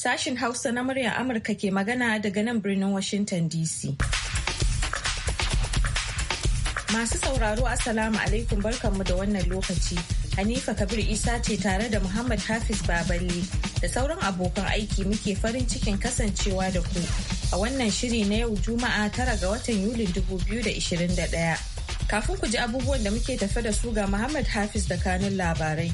Sashin Hausa na muryar Amurka ke magana daga nan birnin Washington DC. Masu sauraro Assalamu alaikum barkanmu da wannan lokaci. Hanifa Kabir Isa ce tare da Muhammad Hafiz Baballe da sauran abokan aiki muke farin cikin kasancewa da ku a wannan shiri na yau Juma'a tara ga watan Yulin 2021. Kafin ku ji abubuwan da muke tafe da su ga Muhammad Hafiz da kanun labarai.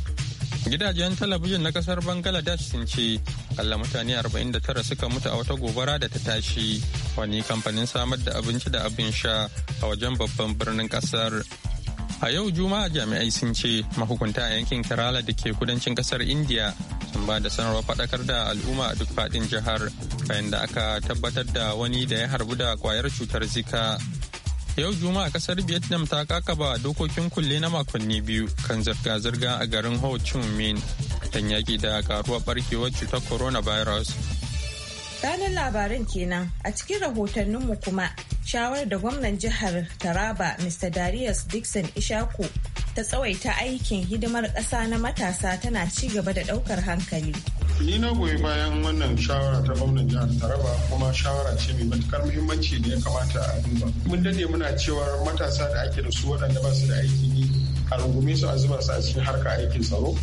Gidajen talabijin na kasar Bangladesh sun ce kalla mutane 49 suka mutu a wata gobara da ta tashi wani kamfanin samar da abinci da abin sha a wajen babban birnin kasar. A yau Juma'a jami'ai sun ce mahukunta a yankin Kerala da ke kudancin kasar India sun ba da sanarwar faɗakar da al'umma a duk faɗin jihar bayan da aka tabbatar da wani da ya harbu da kwayar cutar zika Yau Juma'a kasar Vietnam ta kakaba dokokin kulle na makonni biyu kan zirga-zirga a garin Ho Chi Minh don yaƙi da karuwar barkewar cutar coronavirus. Ranar labaran kenan a cikin rahotanninmu kuma shawar da gwamnan jihar Taraba Mr. Darius Dixon Ishaku ta tsawaita aikin hidimar ƙasa na matasa tana ci gaba da ɗaukar hankali. ni na goyi bayan wannan shawara ta gwamnan jihar taraba kuma shawara ce mai matukar muhimmanci da ya kamata a duba mun dade muna cewa matasa da ake da su waɗanda ba su da aiki ne a rungume su a zuba su a cikin harka aikin tsaro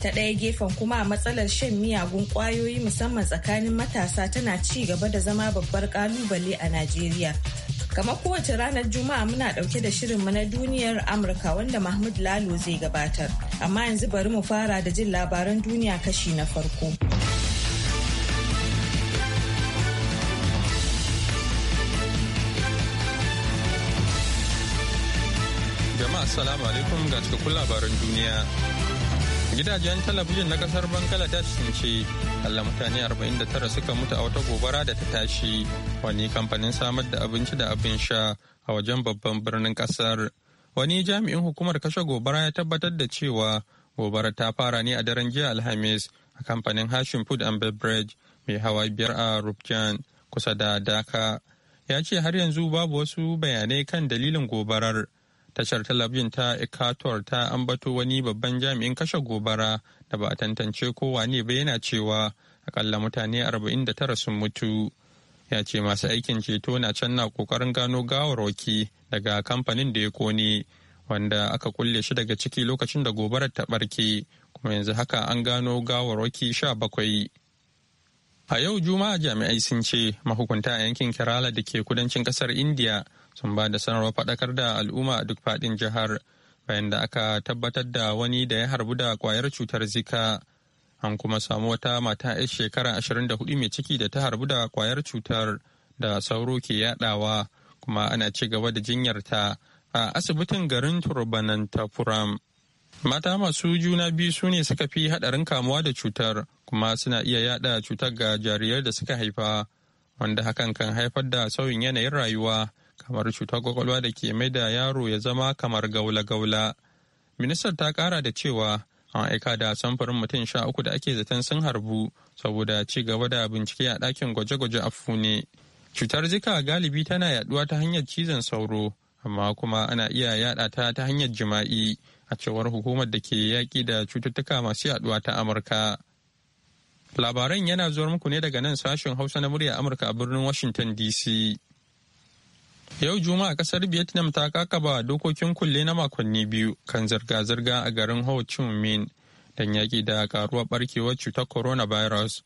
ta ɗaya gefen kuma matsalar shan miyagun ƙwayoyi musamman tsakanin matasa tana ci gaba da zama babbar ƙalubale a najeriya Kamar kowace ranar Juma'a muna ɗauke da shirin mu na duniyar Amurka wanda Mahmud Lalo zai gabatar. Amma yanzu bari mu fara da jin labaran duniya kashi na farko. Jama'a salamu alaikum ga cikakkun labaran duniya. gidajen talabijin na kasar bangladesh sun ce allah mutane 49 suka mutu a wata gobara da ta tashi wani kamfanin samar da abinci da abin sha a wajen babban birnin kasar wani jami'in hukumar kashe gobara ya tabbatar da cewa gobara ta fara ne a daren jiya alhamis a kamfanin hashin food and beverage mai hawa biyar a rufjan kusa da daka ya ce har yanzu babu wasu bayanai kan dalilin gobarar tashar talabijin ta ecuador ta ambato wani babban jami'in kashe gobara da ba a tantance ko wane ba yana cewa akalla mutane 49 sun mutu ya ce masu aikin ceto na can na kokarin gano gawar waki daga kamfanin da ya kone wanda aka kulle shi daga ciki lokacin da gobarar ta barke kuma yanzu haka an gano gawar gawarwaki bakwai. a yau juma'a jami'ai sun ce mahukunta a yankin kerala da ke kudancin kasar india sun ba da sanarwar faɗakar da al'umma a duk faɗin jihar bayan da aka tabbatar da wani da ya harbu da kwayar cutar zika an kuma samu wata mata 'yar shekara 24 mai ciki da ta harbu da kwayar cutar da sauro ke yadawa kuma ana ci gaba da ta a asibitin garin turbanantafuram mata masu juna biyu su ne suka fi haɗarin kamuwa da cutar kuma suna iya yada cutar ga jarirai da suka haifa wanda hakan kan haifar da sauyin yanayin rayuwa kamar cutar kwakwalwa da ke mai da yaro ya zama kamar gaula-gaula. Ministar ta kara da cewa an aika da samfurin mutum sha uku da ake zaton sun harbu saboda ci gaba da bincike a ɗakin gwaje-gwaje a fune. Cutar zika galibi tana yaduwa ta hanyar cizon sauro, amma kuma ana iya yada ta ta hanyar jima'i a cewar hukumar da ke yaƙi da cututtuka masu yaduwa ta Amurka. Labaran yana zuwa muku ne daga nan sashen Hausa na murya Amurka a birnin Washington DC. Yau Juma'a kasar Vietnam ta kakaba dokokin kulle na makonni biyu kan zirga-zirga a garin Ho Chi Minh don yaƙi da karuwar barkewar cutar coronavirus.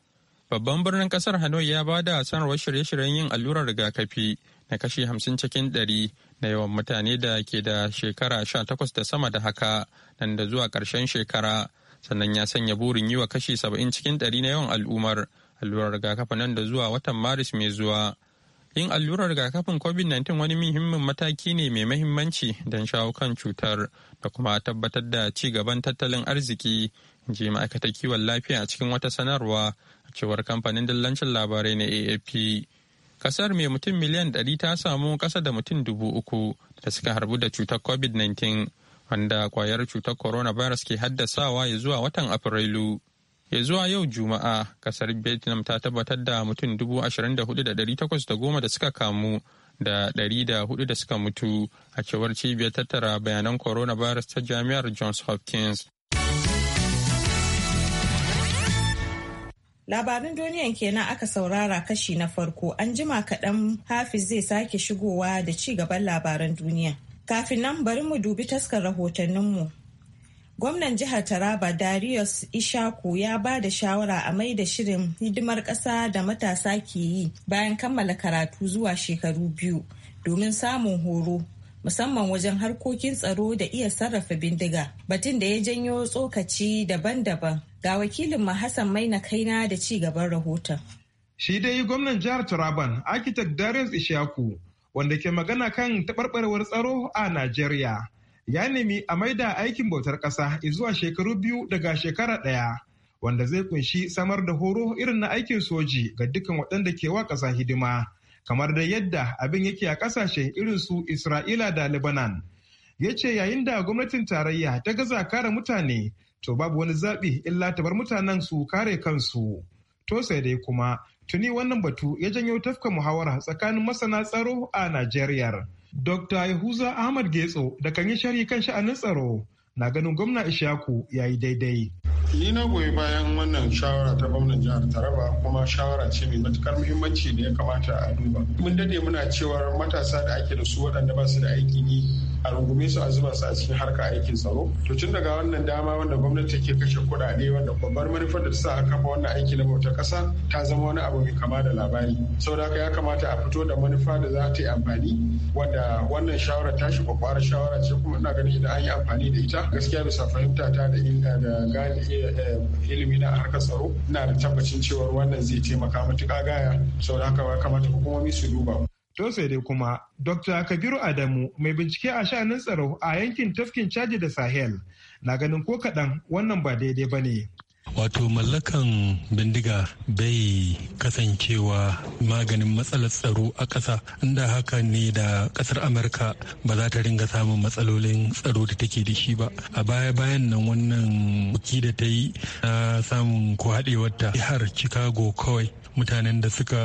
Babban birnin kasar Hanoi ya ba da sanarwar shirye-shiryen yin allurar rigakafi na kashi hamsin cikin ɗari na yawan mutane da ke da shekara sha takwas da sama da haka nan da zuwa ƙarshen shekara. Sannan ya sanya burin yi wa kashi saba'in cikin ɗari na yawan al'ummar allurar rigakafi nan da zuwa watan Maris mai zuwa. yin allurar rigakafin covid-19 wani muhimmin mataki ne mai mahimmanci don shawo kan cutar da kuma tabbatar da ci gaban tattalin arziki ji ma'aikatar kiwon lafiya a cikin wata sanarwa a cewar kamfanin dillancin labarai na AAP. kasar mai mutum miliyan 100 ta samu kasa da mutum dubu uku da suka harbu da cutar covid-19 wanda kwayar cutar coronavirus ke haddasawa ya zuwa watan afrilu ya zuwa yau juma'a kasar vietnam ta tabbatar da mutum 24,810 da da suka kamu da dari da suka mutu a cewar cibiyar tattara bayanan corona coronavirus ta jami'ar johns hopkins labarin duniyan kenan aka saurara kashi na farko an jima kaɗan hafiz zai sake shigowa da ci gaban labaran duniya kafin nan bari mu dubi taskar rahotanninmu Gwamnan jihar Taraba Darius Ishaku ya ba da shawara a mai da shirin hidimar ƙasa da matasa ke yi bayan kammala karatu zuwa shekaru biyu domin samun horo musamman wajen harkokin tsaro da iya sarrafa bindiga batun da ya janyo tsokaci daban-daban ga wakilin mahassan Hassan Maina Kaina da ci gaban rahoton. Shi dai gwamnan jihar Taraban Architect Darius Ishaku wanda ke magana kan taɓarɓarewar tsaro a Najeriya. ya nemi a maida aikin bautar ƙasa zuwa shekaru biyu daga shekara ɗaya wanda zai kunshi samar da horo irin na aikin soji ga dukkan waɗanda ke wa ƙasa hidima kamar da yadda abin yake a ƙasashe irin su isra'ila da lebanon ya ce yayin da gwamnatin tarayya ta gaza kare mutane to babu wani zaɓi illa ta bar mutanen su kare kansu to sai dai kuma tuni wannan batu ya janyo tafka muhawara tsakanin masana tsaro a najeriya Dr. Yahuza Ahmad Getso da kan yi shari kan sha'anin tsaro na ganin gwamna Ishaku ya yi daidai. Ni na goyi bayan wannan shawara ta gwamnan jihar Taraba kuma shawara ce mai matukar muhimmanci da ya kamata a duba. Mun dade muna cewar matasa da ake da su waɗanda ba su da aiki yi a rungume su a zuba su a cikin harka aikin tsaro to tun daga wannan dama wanda gwamnati ke kashe kuɗaɗe wanda babbar manufar da ta sa aka kafa wannan aiki na bautar ƙasa ta zama wani abu mai kama da labari saboda haka ya kamata a fito da manufa da za ta yi amfani wanda wannan shawara ta shi kwakwara shawara ce kuma ina ganin idan an yi amfani da ita gaskiya bisa fahimta ta da gane eh, ilimi na harkar tsaro ina da tabbacin cewa wannan zai taimaka matuƙa gaya saboda haka ya kamata hukumomi su duba To sai dai kuma, Dr. Kabiru Adamu mai bincike a sha'anin tsaro a yankin tafkin caji da Sahel na ganin ko kaɗan wannan ba daidai ba ne. Wato mallakan bindiga bai kasancewa maganin matsalar tsaro a ƙasa inda haka ne da ƙasar Amurka ba za ta ringa samun matsalolin tsaro da take da shi ba. A baya-bayan nan wannan buki da ta yi na samun haɗe ta jihar Chicago kawai mutanen da suka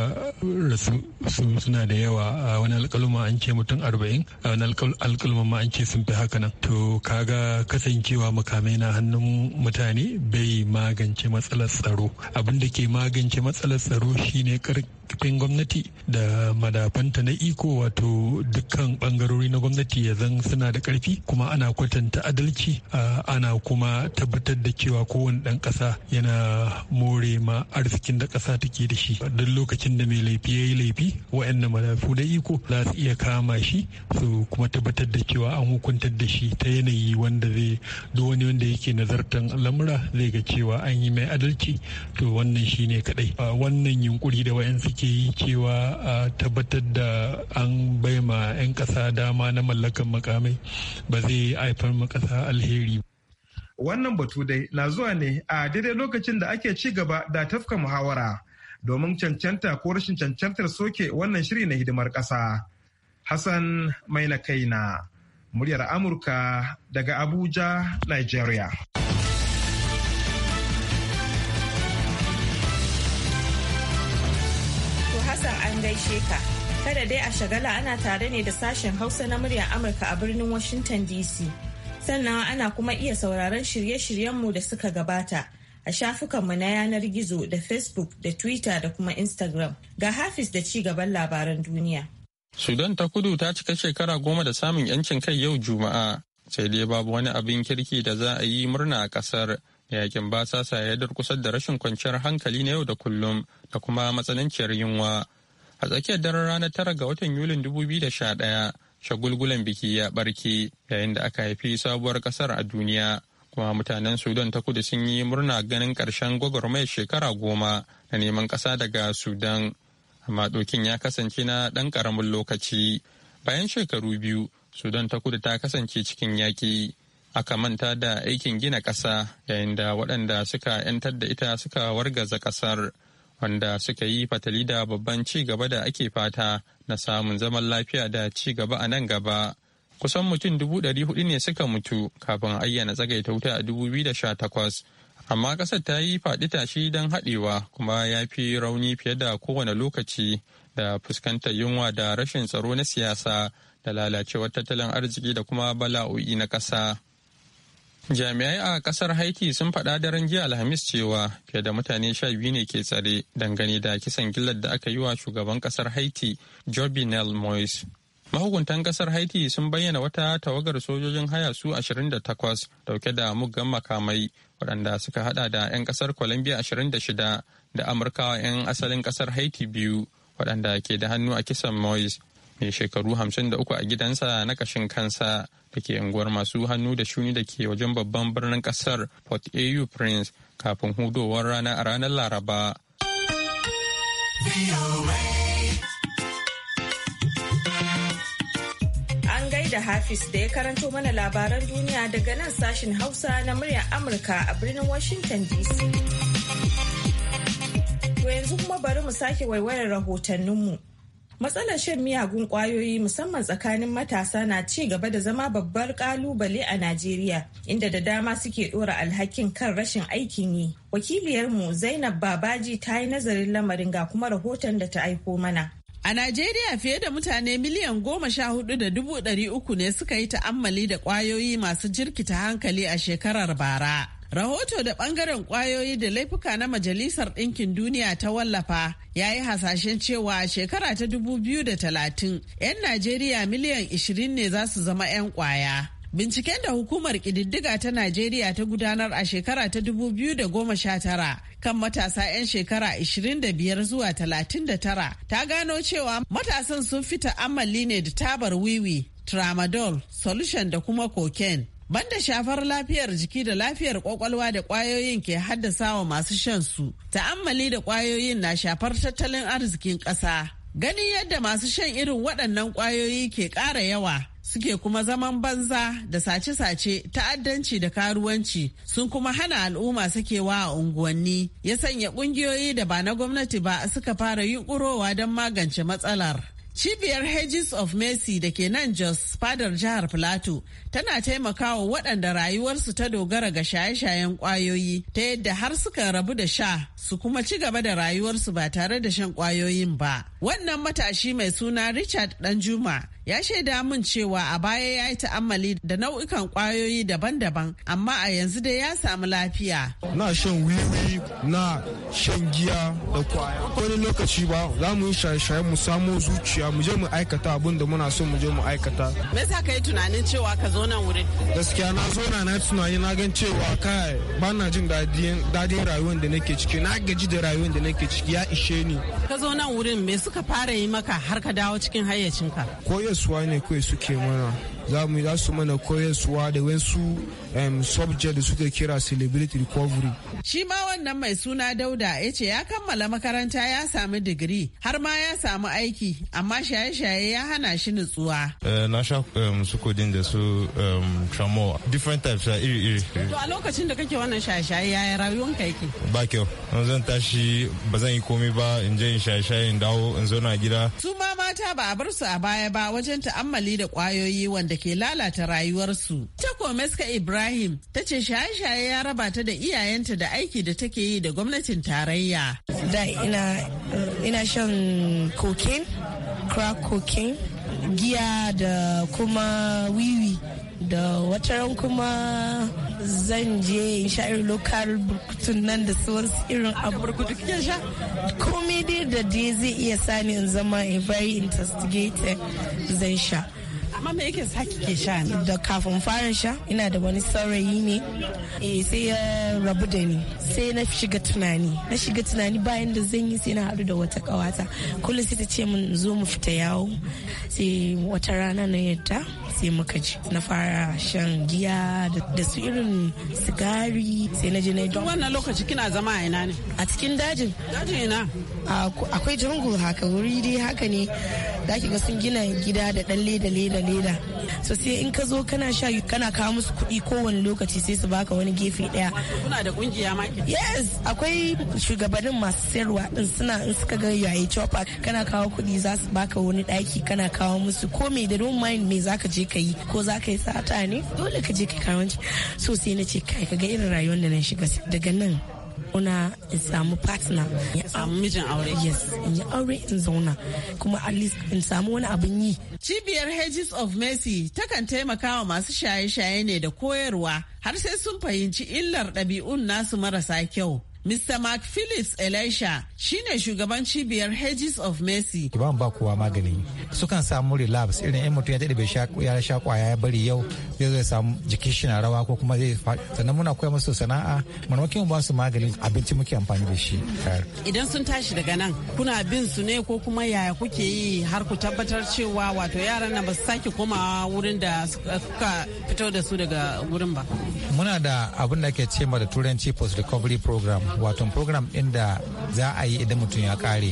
rasu su suna da yawa a wani alkaluma an ce mutum arba'in a wani alkaluma ma an ce sun fi haka nan to kaga kasancewa makamai na hannun mutane bai magance matsalar tsaro abin da ke magance matsalar tsaro shine karfin gwamnati da madafanta na iko wato dukkan bangarori na gwamnati ya zan suna da karfi kuma ana kwatanta adalci ana kuma tabbatar da cewa kowane dan ƙasa yana more ma arzikin da ƙasa take da shi duk lokacin da mai laifi ya yi laifi waɗanda malafu da iko za su iya kama shi su kuma tabbatar da cewa an hukuntar da shi ta yanayi wanda zai duk wani wanda yake nazartan lamura zai ga cewa an yi mai adalci to wannan shi ne kadai wannan yunkuri da wayan suke yi cewa a tabbatar da an bai ma 'yan ƙasa dama na mallakan makamai ba zai haifar ma ƙasa alheri wannan batu dai na zuwa ne a daidai lokacin da ake ci gaba da tafka muhawara domin cancanta ko rashin cancantar soke wannan shiri na hidimar ƙasa. Hassan mai na kaina, muryar Amurka daga Abuja, Nigeria. Hassan an gaishe ka. Kada dai a shagala ana tare ne da sashen Hausa na muryar Amurka a birnin Washington DC. Sannan ana kuma iya sauraron shirye-shiryenmu da suka gabata. a shafukanmu na yanar gizo da Facebook da Twitter da kuma Instagram. Ga Hafiz da ci gaban labaran duniya. Sudan ta kudu ta cika shekara goma da samun 'yancin kai yau Juma'a, sai dai babu wani abin kirki da za a yi murna a ƙasar. Yakin basasa ya durkusar da rashin kwanciyar hankali na yau da kullum da kuma matsananciyar yunwa. A tsakiyar daren ranar tara ga watan Yulin 2011, shagulgulan biki ya barke yayin da aka haifi sabuwar ƙasar a duniya. kuma mutanen sudan ta kudu sun yi murna ganin ƙarshen gwagwarmayar shekara goma na neman ƙasa daga sudan amma dokin ya kasance na ɗan ƙaramin lokaci bayan shekaru biyu sudan ta kudu ta kasance cikin yaƙi aka manta da aikin gina ƙasa yayin da waɗanda suka 'yantar da ita suka wargaza ƙasar wanda suka yi fatali da babban ci gaba da ake fata na samun zaman lafiya da ci gaba a nan gaba kusan mutum dubu ɗari hudu ne suka mutu kafin ayyana tsagaita wuta a dubu biyu da sha takwas amma ƙasar ta yi faɗi tashi don haɗewa kuma ya fi rauni fiye da kowane lokaci da fuskantar yunwa da rashin tsaro na siyasa da lalacewar tattalin arziki da kuma bala'o'i na ƙasa. Jami'ai a kasar Haiti sun faɗa daren jiya Alhamis cewa fiye da mutane sha biyu ne ke tsare dangane da kisan gillar da aka yi wa shugaban kasar Haiti Jovenel Moise Mahukuntan kasar Haiti sun bayyana wata tawagar sojojin haya su 28 dauke da muggan makamai waɗanda suka hada da 'yan kasar Colombia 26 da Amurkawa 'yan asalin kasar Haiti biyu waɗanda ke da hannu a kisan Moise mai shekaru 53 a gidansa na kashin kansa da ke unguwar masu hannu da shuni da ke wajen babban birnin kasar Port au Prince kafin hudowar rana a ranar Laraba. da Hafiz da ya karanto mana labaran duniya daga nan sashin Hausa na muryar Amurka a birnin Washington DC. To yanzu kuma bari mu sake waiwayar rahotanninmu. Matsalar shan miyagun kwayoyi musamman tsakanin matasa na ci gaba da zama babbar kalubale a Najeriya, inda da dama suke dora alhakin kan rashin aikin yi. Wakiliyarmu Zainab Babaji ta yi nazarin lamarin ga kuma rahoton da ta aiko mana. A Najeriya fiye da mutane miliyan goma sha hudu da dubu ɗari uku ne suka yi ta'ammali da kwayoyi masu jirkita hankali a shekarar bara. Rahoto da bangaren kwayoyi da laifuka na Majalisar Dinkin Duniya ta wallafa ya yi hasashen cewa shekara ta dubu biyu da talatin 'yan Najeriya miliyan ishirin ne za su zama 'yan kwaya Binciken da hukumar ƙididdiga ta Najeriya ta gudanar a shekara ta 2019 kan matasa 'yan shekara 25 zuwa 39 ta gano cewa matasan sun fi ta'ammali ne da tabar wiwi, tramadol, solution da kuma cocaine. Banda shafar lafiyar jiki da lafiyar kwakwalwa da kwayoyin ke haddasa wa masu shan su, ta'ammali da kwayoyin na shafar tattalin arzikin ƙasa. ganin yadda masu shan irin waɗannan kwayoyi ke ƙara yawa suke kuma zaman banza da sace-sace ta'addanci da karuwanci sun kuma hana al'umma sakewa a unguwanni ya sanya kungiyoyi da ba na gwamnati ba suka fara yunkurowa don magance matsalar cibiyar hedges of mercy da ke nan jos fadar jihar plateau tana taimakawa waɗanda rayuwarsu ta dogara ga shaye-shayen ƙwayoyi ta yadda har suka rabu da sha su kuma ci gaba da rayuwarsu ba tare da shan ƙwayoyin ba wannan matashi mai suna richard danjuma ya shaida min cewa a baya ya yi ta'ammali da nau'ikan kwayoyi daban-daban amma a yanzu dai ya samu lafiya. Na shan wiwi na shan giya da kwaya. Wani lokaci ba za mu yi shaye-shaye mu samo zuciya mu je mu aikata abin da muna so mu je mu aikata. Me yasa ka yi tunanin cewa ka zo nan wurin? Gaskiya na zo na na tunani na gan cewa kai ba na jin dadin rayuwar da nake ciki na gaji da rayuwar da nake ciki ya ishe ni. Ka zo nan wurin me suka fara yi maka har ka dawo cikin hayyacinka? Ko koyarsuwa ne kawai suke mana za mu za su mana koyarsuwa da wasu um, subject da suke kira celebrity recovery. Shi ma wannan mai suna Dauda ya ce ya kammala makaranta ya samu digiri har ma ya samu aiki amma shaye-shaye ya hana shi nutsuwa. Eh, na sha um, su kudin da su um, tramo different types a iri-iri. To a lokacin da kake wannan shaye-shaye yaya ka yake? Ba kyau. Zan tashi ba zan yi komai ba in je in shaye-shaye in dawo in zo na gida. Su ma mata ba a bar su a baya ba wajen ta'ammali da kwayoyi wanda ke lalata rayuwarsu. Ta suka Ibrahim Ibrahim ta ce shaye-shaye ya raba ta da iyayenta da aiki da take yi da gwamnatin tarayya. Da ina, shan cocaine, crack cocaine, giya da kuma wiwi. da wataran kuma zan je in sha irin lokal burkutun nan da su wasu irin burkutu kike sha komai dai da dai zai iya sani in zama a very investigator zan sha amma me yake saki ke sha ne da kafin fara sha ina da wani saurayi ne eh sai ya rabu da ni sai na shiga tunani na shiga tunani bayan da zan yi sai na haɗu da wata kawata kullum sai ta ce min zo mu fita yawo sai wata rana na yadda sai muka ji na fara shan giya da su irin sigari sai na je na duk wannan lokaci kina zama a ina ne a cikin dajin dajin ina akwai jungle haka wuri dai haka ne da ga sun gina gida da dan leda leda leda so sai in ka zo kana sha kana kawo musu kuɗi kowane lokaci sai su baka wani gefe daya kuna da kungiya ma yes akwai shugabannin masu sayarwa din suna in suka ga yayi chopper kana kawo kuɗi za su baka wani daki kana kawo musu ko me da don mind me zaka je ka yi ko za ka yi sata ne dole ka je ka karanci so sai na ce kai ga irin rayuwar da na shiga daga nan una in samu partner in samu mijin aure yes in yi aure in zauna kuma at least in samu wani abin yi cibiyar hedges of mercy takan taimaka wa masu shaye-shaye ne da koyarwa har sai sun fahimci illar ɗabi'un nasu marasa kyau Mr. Mark Phillips Elisha shine shugaban cibiyar Hedges of Mercy. Ki ba kowa magani. Sukan samu relapse irin yan mutum ya daɗe bai ya sha kwaya ya bari yau zai samu jiki shi rawa ko kuma zai faɗi. Sannan muna koya musu sana'a manokin ba su magani abinci muke amfani da shi. Idan sun tashi daga nan kuna bin su ne ko kuma yaya kuke yi har ku tabbatar cewa wato yaran na ba su sake komawa wurin da suka fito da su daga wurin ba. Muna da abin da ke ce da turanci post recovery program wato program ɗin da za a yi idan mutum ya kare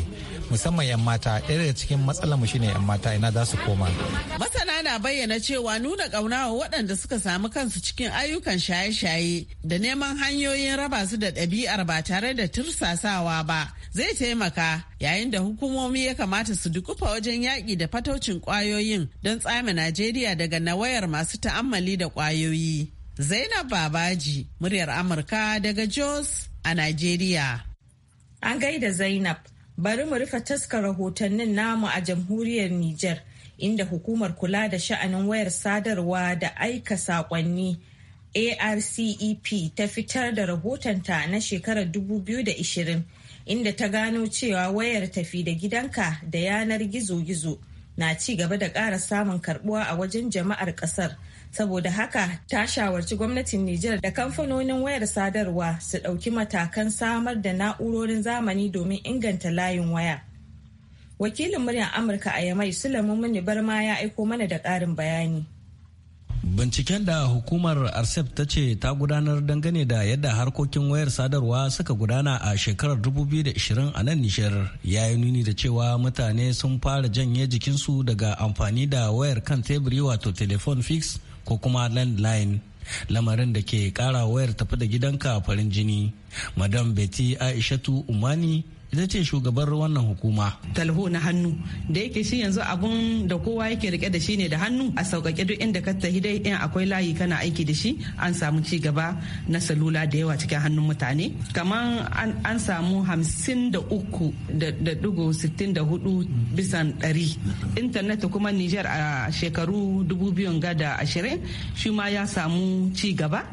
musamman 'yan mata ɗaya daga cikin matsalar mu shine 'yan mata ina za su koma masana na bayyana cewa nuna ƙauna wa waɗanda suka samu kansu cikin ayyukan shaye-shaye da neman hanyoyin raba su da ɗabi'ar ba tare da tursasawa ba zai taimaka yayin da hukumomi ya kamata su dukufa wajen yaƙi da fataucin ƙwayoyin don tsami najeriya daga nawayar masu ta'ammali da ƙwayoyi Zainab Babaji, muryar Amurka daga Jos a Najeriya. An gaida Zainab, bari mu rufe taskar rahotannin namu a jamhuriyar Nijar, inda hukumar kula da sha'anin wayar sadarwa da aika saƙonni ARCEP ta fitar da rahotonta na shekarar 2020, inda ta gano cewa wayar tafi da gidanka da yanar gizo-gizo na ci gaba da ƙara samun karbuwa a wajen jama'ar ƙasar. saboda haka ta shawarci gwamnatin Nijar da kamfanonin wayar sadarwa su ɗauki matakan samar da na'urorin zamani domin inganta layin waya. Wakilin muryar Amurka a Yamai Sulaiman Muni Barma ya aiko mana da ƙarin bayani. Binciken da hukumar ARCEP ta ce ta gudanar dangane da yadda harkokin wayar sadarwa suka gudana a shekarar 2020 a nan Nishar ya yi nuni da cewa mutane sun fara janye jikinsu daga amfani da wayar kan teburi wato telefon fix ko kuma landline lamarin da ke kara wayar tafi da gidanka farin jini madam betty aishatu umani ita ce shugabar wannan hukuma. Talho na hannu da yake shi yanzu abun da kowa yake rike da shi ne da hannu a sauƙaƙe duk inda ka tafi dai in akwai layi kana aiki da shi an samu ci gaba na salula da yawa cikin hannun mutane. Kamar an samu hamsin da uku da dugu sittin da hudu bisan ɗari. Intanet kuma Nijar a shekaru dubu biyun gada ashirin shi ma ya samu ci gaba.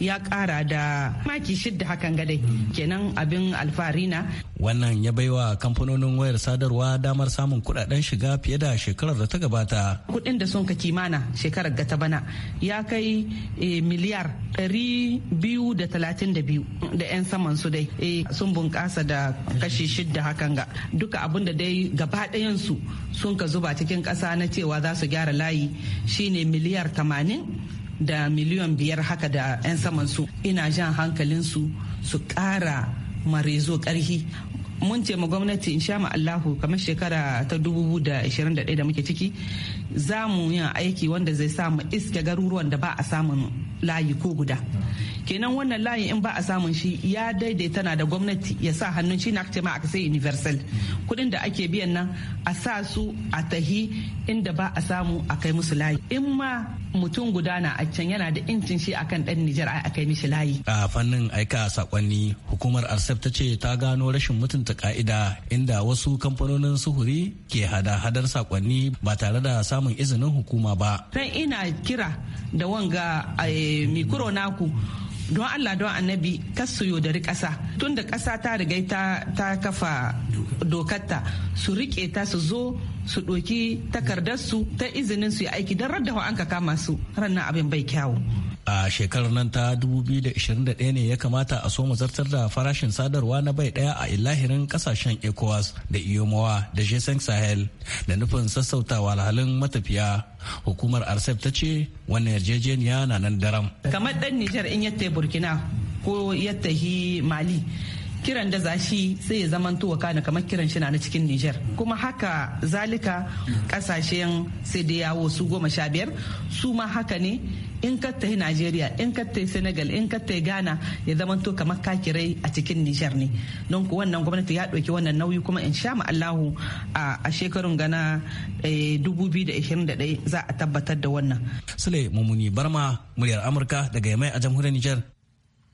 ya kara da maki shidda hakan gadai kenan abin alfahari wannan ya baiwa kamfanonin wayar sadarwa damar samun kudaden shiga fiye da shekarar da ta gabata kudin da sun ka kimana shekarar gata bana ya kai eh, miliyar 232 da 'yan saman su dai eh, sun bunkasa da kashi shidda hakan ga duka abin da dai gaba ɗayan su sun ka zuba cikin ƙasa na cewa za su gyara layi shine miliyar tamanin. da miliyan biyar haka da 'yan saman su ina jan hankalin su su ƙara marezo karhi. mun ce ma gwamnati insha ma Allahu kamar shekara ta 2021 da muke ciki za mu yin aiki wanda zai sa mu iske garuruwan da ba a samun layi ko guda kenan wannan layi in ba a samun shi ya daidaita na da gwamnati ya sa hannun shi na ma aka sai universal kudin da ake biyan nan a sa su a tahi inda ba a samu a kai musu layi in ma mutum guda na a can yana da incin shi kan dan Nijar a kai mishi layi. A fannin aika sakonni hukumar Arsef ta ce ta gano rashin mutunta ka'ida inda wasu kamfanonin suhuri ke hada-hadar sakonni ba tare da samun izinin hukuma ba. Sai ina kira da wanga eh, mikro naku don allah don annabi kasu yaudari kasa tun da kasa ta riga ta kafa dokarta su riƙe ta su zo su ɗoki takardarsu ta izinin su yi aiki don radda an ka kama su rannan abin bai kyawu a shekarar nan ta 2021 ne ya kamata a so zartar da farashin sadarwa na bai daya a ilahirin kasashen ecowas da iyomawa da g sahel da nufin sassauta walhalin matafiya hukumar arsef ta ce wannan yarjejeniya na nan daram kamar dan nijar in yatta burkina ko yatta mali kiran da zashi sai ya zaman tuwa kana kamar kiran shi na cikin Nijar kuma haka zalika kasashen sai da yawo su goma sha biyar su ma haka ne in ka tafi Najeriya in ka tafi Senegal in ka tafi Ghana ya zama to kamar ka kirai a cikin Nijar ne don ku wannan gwamnati ya ɗauki wannan nauyi kuma in sha Allahu a shekarun gana 2021 eh, za a tabbatar da wannan. Sule Mumuni Barma muryar Amurka daga Yamai a jamhuriyar Nijar.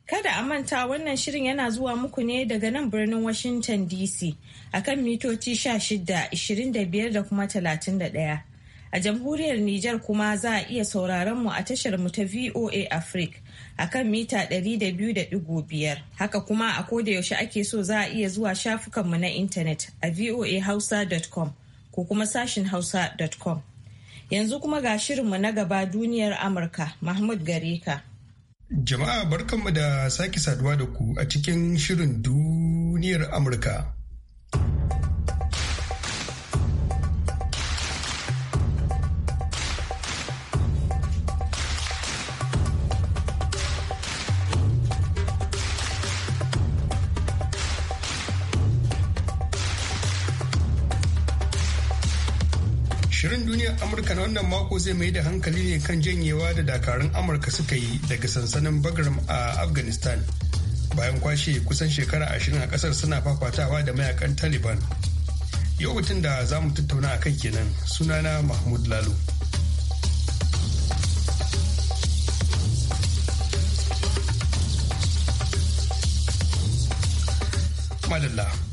Kada a manta wannan shirin yana zuwa muku ne daga nan birnin Washington DC akan mitoci 16, 25 da kuma 31. A jamhuriyar Nijar kuma za a iya sauraron mu a tashar mu ta VOA Africa a kan mita 200.5. Haka kuma a koda yaushe ake so za a iya zuwa shafukan mu na intanet a voahausa.com ko kuma sashin hausa.com. Yanzu kuma ga shirinmu na gaba duniyar Amurka, Mahmud Gareka. Jama'a barkanmu da sake saduwa da ku a cikin shirin duniyar Amurka. Shirin duniyar Amurka na wannan mako zai mai da hankali ne kan janyewa da dakarun Amurka suka yi daga sansanin Bagram a Afghanistan bayan kwashe kusan shekara ashirin a kasar suna fafatawa da mayakan Taliban. Yau mutum da za mu tattauna a kai kenan sunana Mahmud Lalo. Madalla.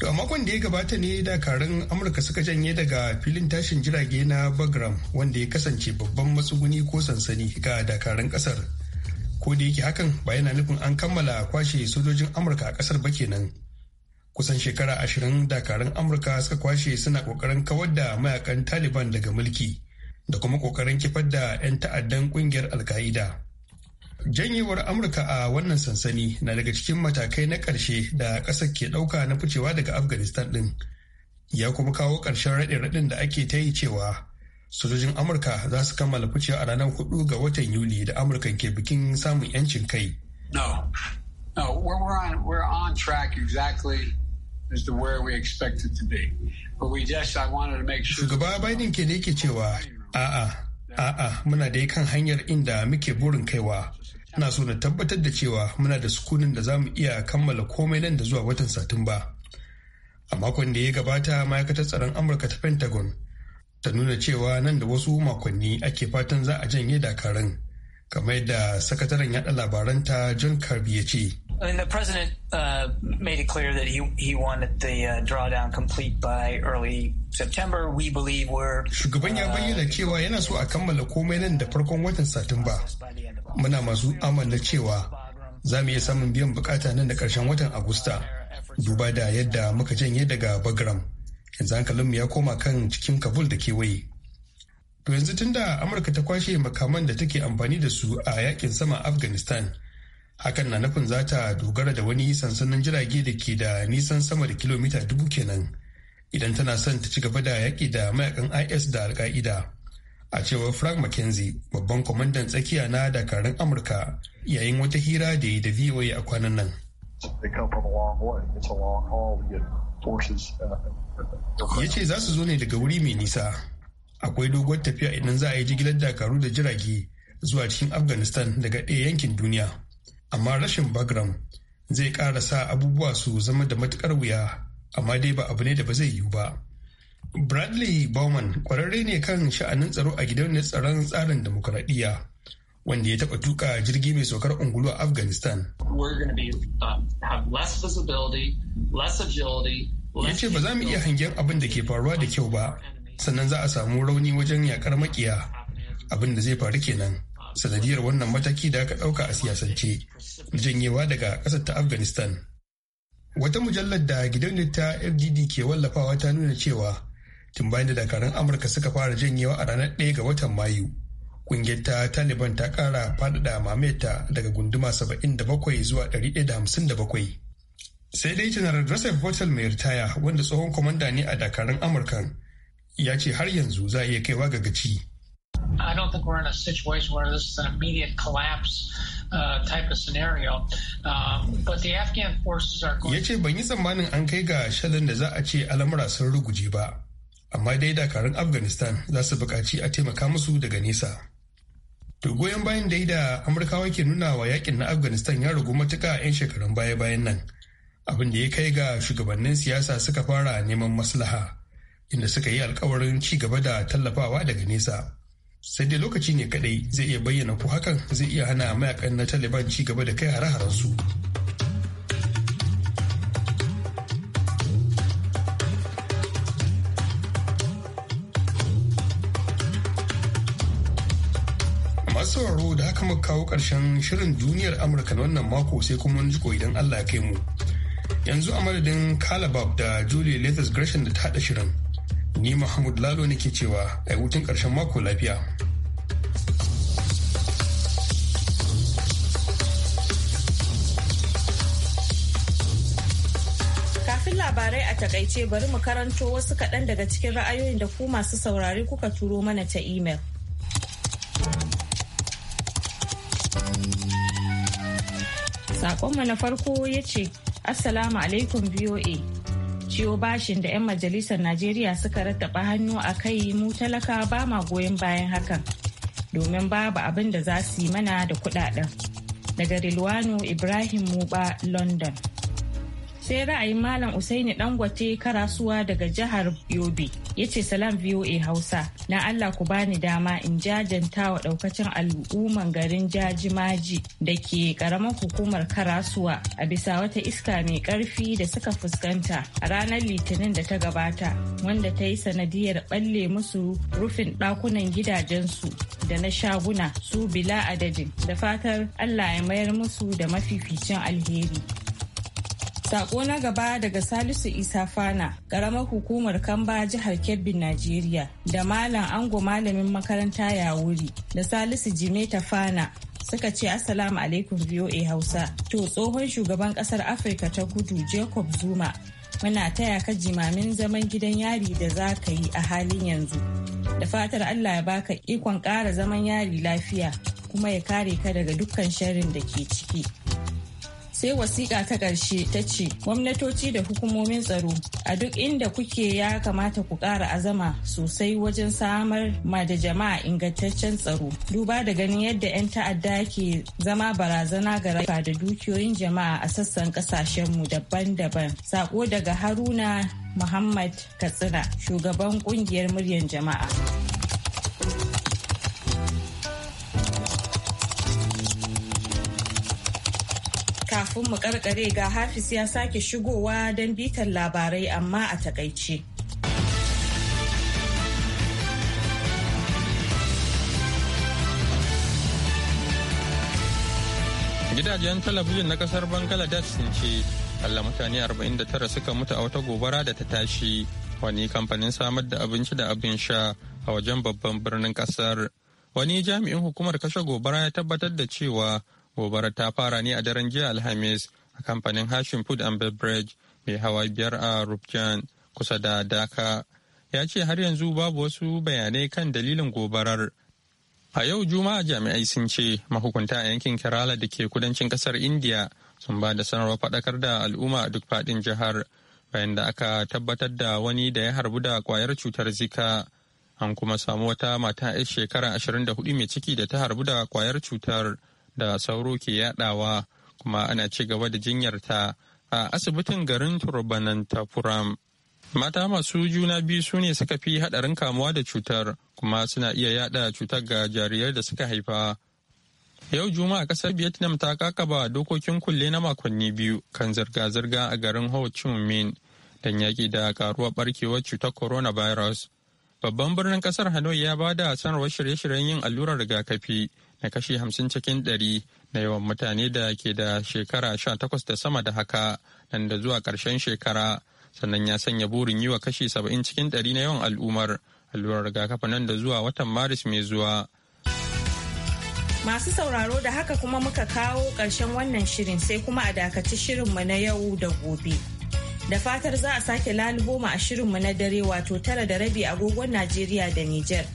To a makon da ya gabata ne dakarun Amurka suka janye daga filin tashin jirage na Bagram wanda ya kasance babban matsuguni ko sansani ga dakarun kasar. Ko da yake hakan ba yana nufin an kammala kwashe sojojin Amurka a kasar ba kenan. Kusan shekara ashirin dakarun Amurka suka kwashe suna kokarin kawar da mayakan Taliban daga mulki da kuma kokarin kifar da 'yan ta'addan kungiyar al Janyewar Amurka a wannan sansani na daga cikin matakai na ƙarshe da ƙasar ke ɗauka na ficewa daga Afghanistan ɗin. Ya kuma kawo ƙarshen raɗe-raɗin da ake ta yi cewa sojojin Amurka za su kammala ficewa a ranar hudu ga watan Yuli da Amurka ke bikin samun 'yancin kai. No, no, we're, on, we're Shugaba Biden ke ne ke cewa, a'a, a'a, muna dai kan hanyar inda muke burin kaiwa. na so na tabbatar da cewa muna da sukunin da za mu iya kammala komai nan da zuwa watan satumba a makon da ya gabata ma'aikatar tsaron amurka ta pentagon ta nuna cewa nan da wasu makonni ake fatan za a janye dakarun kamar yadda sakataren yada labaranta john kirby ya ce I the president uh, made that he, he wanted the uh, drawdown complete by early September. We Shugaban ya bayyana uh, cewa yana so a kammala komai nan da farkon watan Satumba. Muna masu amanna cewa za mu iya samun biyan bukata nan da karshen watan Agusta. Duba da yadda muka janye daga Bagram. Yanzu hankalinmu ya koma kan cikin Kabul da kewaye. To yanzu da Amurka ta kwashe makaman da take amfani da su a yakin sama Afghanistan, hakan na nufin za ta dogara da wani sansanin jirage da ke da nisan sama da kilomita dubu kenan idan tana son ta ci gaba da yaƙi da mayakan IS da alka'ida A cewar Frank McKenzie, babban kwamandan tsakiya na dakarun Amurka yayin wata hira da yi da VOA a kwanan nan. Uh, uh, uh, ya ce za su zo ne daga wuri mai nisa. akwai doguwar tafiya idan za a yi jigilar dakaru da jirage zuwa cikin afghanistan daga ɗaya yankin duniya amma rashin bagram zai ƙara sa abubuwa su zama da matuƙar wuya amma dai ba abu ne da ba zai yiwu ba bradley bowman ƙwararre ne kan sha'anin tsaro a gidan tsaron tsarin demokuraɗiyya wanda ya taɓa tuka jirgi mai saukar ungulu a afghanistan uh, ya ce ba za mu iya hangen abin da ke faruwa da kyau ba sannan za a samu rauni wajen yakar makiya abin da zai faru kenan sanadiyar wannan mataki da aka ɗauka a siyasance janyewa daga ƙasar ta afghanistan wata mujallar da gidan ta fdd ke wallafawa ta nuna cewa tun bayan da dakarun amurka suka fara janyewa a ranar 1 ga watan mayu kungiyar ta taliban ta kara faɗaɗa mameta daga gunduma 77 zuwa 157 sai dai janar joseph bottle mai ritaya wanda tsohon kwamanda ne a dakarun amurkan ya ce har yanzu za a iya kaiwa ga gaci. I don't think we're in a situation where this is an immediate collapse uh, type of scenario. Um, but the Afghan forces are going. Ya ce ban yi tsammanin an kai ga shalin da za a ce al'amura sun ruguje ba. Amma dai dakarun Afghanistan za su buƙaci a taimaka musu daga nesa. To goyon bayan dai da Amurkawa ke nuna wa yakin na Afghanistan ya ragu matuka 'yan shekarun baya-bayan nan. Abin da ya kai ga shugabannin siyasa suka fara neman maslaha. inda suka yi alkawarin ci gaba da tallafawa daga nesa sai dai lokaci ne kadai zai iya bayyana ko hakan zai iya hana mayakan na taliban ci gaba da kai hare su masu sauraro da haka muka kawo ƙarshen shirin duniyar amurka na wannan mako sai kuma wani jiko idan allah ya kai mu yanzu a madadin kalabab da julie lathis gresham da ta hada shirin Ni Mahmud Lalo nake cewa a hutun ƙarshen mako lafiya. Kafin labarai a takaice bari mu karanto wasu kaɗan daga cikin ra'ayoyin da ku masu saurari kuka turo mana ta imel. Sakonmu na farko ya ce, Assalamu alaikum VOA. ciwo bashin da 'yan majalisar najeriya suka rattaba hannu a kai mu talaka ba ma goyon bayan hakan domin babu abin da za su yi mana da kudaden daga rilwano ibrahim muba london sai ra'ayin malam usaini dangote karasuwa daga jihar yobe ya ce salam voa hausa na allah ku bani dama in jajanta wa daukacin al'umman garin jajimaji da ke karamar hukumar karasuwa a bisa wata iska mai karfi da suka fuskanta a ranar litinin da ta gabata wanda ta yi sanadiyar balle musu rufin dakunan gidajensu da na shaguna su bila adadin da fatar allah ya mayar musu da mafificin alheri Sako na gaba daga Salisu Isa Fana, ƙaramar hukumar Kamba jihar Kebbi, Najeriya, da Malam Ango Malamin makaranta Yawuri, da Salisu Jimeta Fana, suka ce Assalamu alaikum VOA Hausa. To tsohon shugaban ƙasar Afirka ta kudu Jacob Zuma, muna taya ka jimamin zaman gidan yari da za ka yi a halin yanzu. Da fatar Allah ya baka ikon ƙara zaman yari lafiya kuma ya kare ka daga dukkan sharrin da ke ciki. sai wasiƙa ta ƙarshe ta ce gwamnatoci da hukumomin tsaro a duk inda kuke ya kamata ku ƙara azama sosai wajen samar ma da jama'a ingantaccen tsaro duba da ganin yadda 'yan ta'adda ke zama barazana ga rayuwa da dukiyoyin jama'a a sassan ƙasashenmu daban-daban sako daga haruna muhammad katsina shugaban ƙungiyar muryar jama'a. Kafin mu karkare ga hafis ya sake shigowa don bitan labarai amma a takaice. Gidajen talabijin na kasar Bangladesh sun ce Allah mutane 49 suka mutu a wata gobara da ta tashi wani kamfanin samar da abinci da abin sha a wajen babban birnin kasar. Wani jami'in hukumar kashe gobara ya tabbatar da cewa gobarar ta fara ne a daren jiya alhamis a kamfanin hashin food and beverage mai hawa biyar a rufjan kusa da daka ya ce har yanzu babu wasu bayanai kan dalilin gobarar a yau juma'a jami'ai sun ce mahukunta a yankin kerala da ke kudancin kasar india sun ba da sanarwar faɗakar da al'umma a duk faɗin jihar bayan da aka tabbatar da wani da ya harbu da kwayar cutar zika an kuma samu wata mata 'yar shekara 24 mai ciki da ta harbu da kwayar cutar da sauro ke yadawa kuma ana ci gaba da ta a asibitin garin turbanantafuram mata masu juna biyu su ne suka fi hadarin kamuwa da cutar kuma suna iya yada cutar ga jariyar da suka haifa yau juma'a kasar vietnam ta kakaba dokokin kulle na makonni biyu kan zirga-zirga a garin ho chi minh don yaƙi da karuwar barkewar cutar coronavirus babban birnin kasar hanoi ya ba da sanarwar shirye-shiryen yin allurar rigakafi na kashi hamsin cikin ɗari na yawan mutane da ke da shekara sha takwas da sama da haka nan da zuwa karshen shekara sannan ya sanya burin yi wa kashi saba'in cikin ɗari na yawan al'ummar allurar rigakafi nan da zuwa watan maris mai zuwa. Masu sauraro da haka kuma muka kawo ƙarshen wannan shirin sai kuma a dakaci shirinmu na yau da gobe. Da fatar za a sake lalubo ma a shirinmu na dare wato tara da rabi agogon Najeriya da Nijar.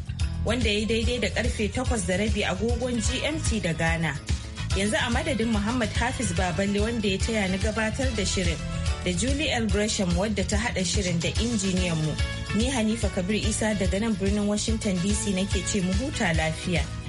wanda ya yi daidai da karfe 8 da rabi agogon GMT da Ghana. Yanzu a madadin Muhammad Hafiz Baballe wanda ya taya ni gabatar da shirin da Julie L. Gresham wadda ta hada shirin da injiniyan mu. Ni Hanifa Kabir Isa daga nan birnin Washington DC nake ce mu huta lafiya.